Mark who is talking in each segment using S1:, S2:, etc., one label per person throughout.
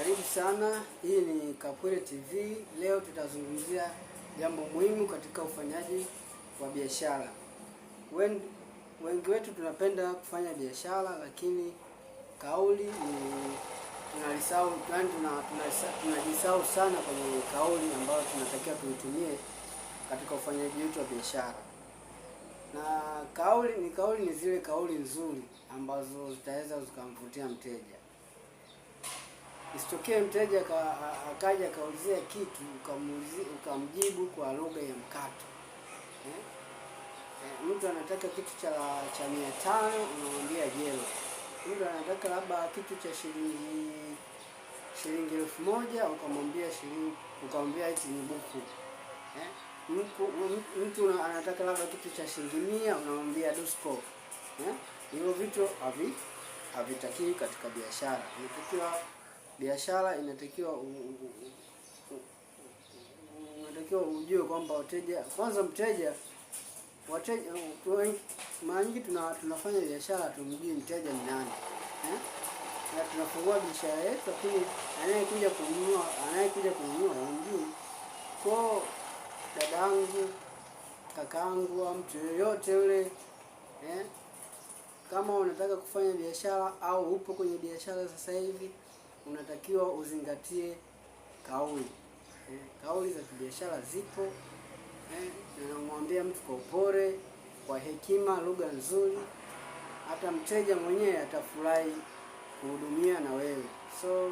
S1: Karibu sana, hii ni Kapwele TV. Leo tutazungumzia jambo muhimu katika ufanyaji wa biashara. Wengi wetu tunapenda kufanya biashara, lakini kauli ni tunalisahau, yani tunajisahau sana kwenye kauli ambayo tunatakiwa tuitumie katika ufanyaji wetu wa biashara. Na kauli ni kauli ni zile kauli nzuri ambazo zitaweza zikamvutia mteja isitokee mteja akaja akaulizia kitu ukamjibu kwa lugha ya mkato eh? Eh, mtu anataka kitu cha cha mia tano unamwambia jelo. Mtu anataka labda kitu cha shilingi shilingi elfu moja ukamwambia shilingi ukamwambia eti ni buku eh? Mtu anataka labda kitu cha shilingi mia unamwambia dusko eh? Hivyo vitu havi havitakiwi katika biashara, inatakiwa biashara inatakiwa unatakiwa ujue kwamba wateja kwanza, mteja wateja, mara nyingi tuna, tunafanya biashara tumjui mteja ni nani eh? na tunafungua biashara yetu, lakini anayekuja kununua anayekuja kununua hamjui. Kwa dadangu, kakaangu au mtu yoyote yule eh? kama unataka kufanya biashara au upo kwenye biashara sasa hivi unatakiwa uzingatie kauli eh, kauli za kibiashara zipo eh, namwambia mtu kwa upole, kwa hekima, lugha nzuri, hata mteja mwenyewe atafurahi kuhudumia na wewe. So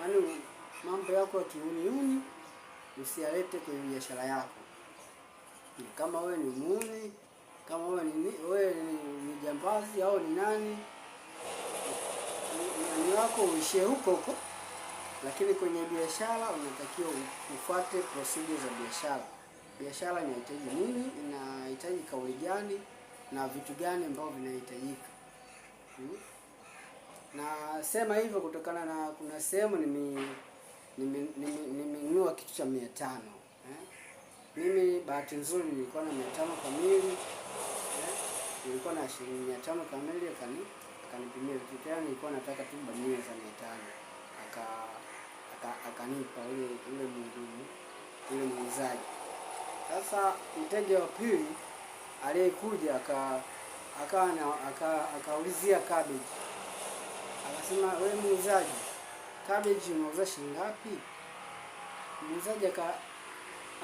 S1: yaani, mambo yako ya kiuniuni usiyalete kwenye biashara yako. Kama wewe ni muuni, kama wewe ni wewe ni jambazi au ni nani usanii wako uishie huko huko, lakini kwenye biashara unatakiwa ufuate procedure za biashara. Biashara inahitaji nini, inahitaji kauli gani na vitu gani ambavyo vinahitajika hmm? Nasema hivyo kutokana na kuna sehemu nime nimenunua kitu cha mia tano eh? Mimi bahati nzuri nilikuwa na mia tano kamili eh? Nilikuwa na shilingi mia tano kamili kani akanipimia kitu tano, ilikuwa nataka tu bamia za mia tano aka akanipa aka ule ule mundumu ule muuzaji. Sasa mteja wa pili aliyekuja aka aka aka akaulizia cabbage, akasema wewe muuzaji, cabbage unauza shilingi ngapi? Muuzaji aka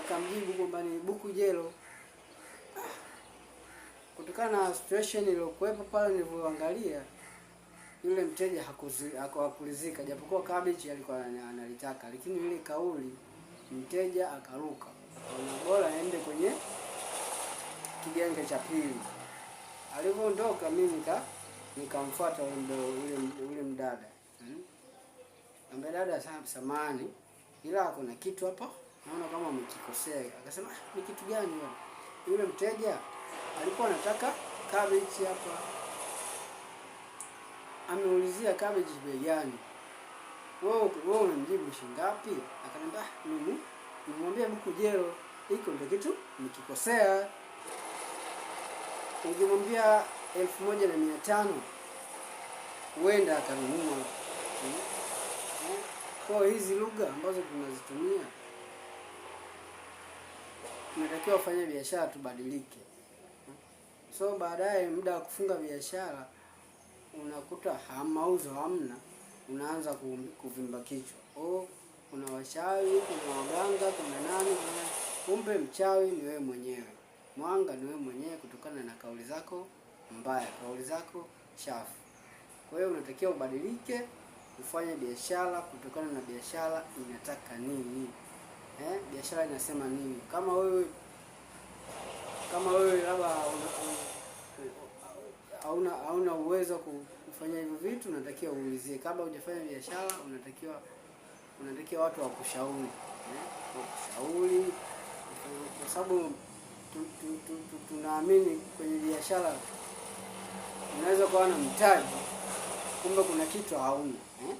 S1: akamjibu kwamba ni buku jelo. Ah, kutokana na situation iliyokuwepo pale nilivyoangalia yule mteja hakuridhika, japokuwa kabichi alikuwa analitaka, lakini ile kauli mteja akaruka, akaona bora aende kwenye kigenge cha pili. Alivyoondoka mimi nika nikamfuata yule mdada hmm? ambaye dada, samani, ila kuna kitu hapa naona kama umekikosea. Akasema ah, ni kitu gani? Yule mteja alikuwa anataka kabichi hapa ameulizia cabbage bei gani, wewe wewe unamjibu shingapi? Akaniambia ah, mimi nimwambia mko jero iko ndio kitu nikikosea, nikimwambia elfu moja na mia tano huenda akanunua. Kwa hizi lugha ambazo tunazitumia, tunatakiwa wafanya biashara tubadilike. So baadaye muda wa kufunga biashara unakuta hamauzo hamna, unaanza kuvimba kichwa. Oh, kuna washawi, kuna waganga, kuna nani, kumbe mchawi ni wewe mwenyewe, mwanga ni wewe mwenyewe, kutokana na kauli zako mbaya, kauli zako chafu. Kwa hiyo unatakiwa ubadilike, ufanye biashara kutokana na biashara inataka nini eh? biashara inasema nini? Kama wewe kama wewe labda hauna hauna uwezo kufanya hivyo vitu, unatakiwa uulizie kabla hujafanya biashara. Unatakiwa unatakiwa watu wakushauri eh? wakushauri, kwa sababu tunaamini kwenye biashara unaweza kuwa na mtaji, kumbe kuna kitu hauna eh? Eh,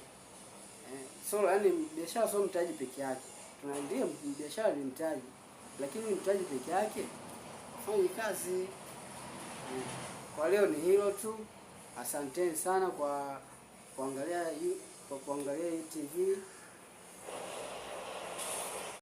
S1: so yani biashara sio mtaji peke yake, tunaambia biashara ni mtaji, lakini mtaji peke yake hafanyi kazi. Kwa leo ni hilo tu. Asanteni sana kwa kuangalia kwa kuangalia hii TV.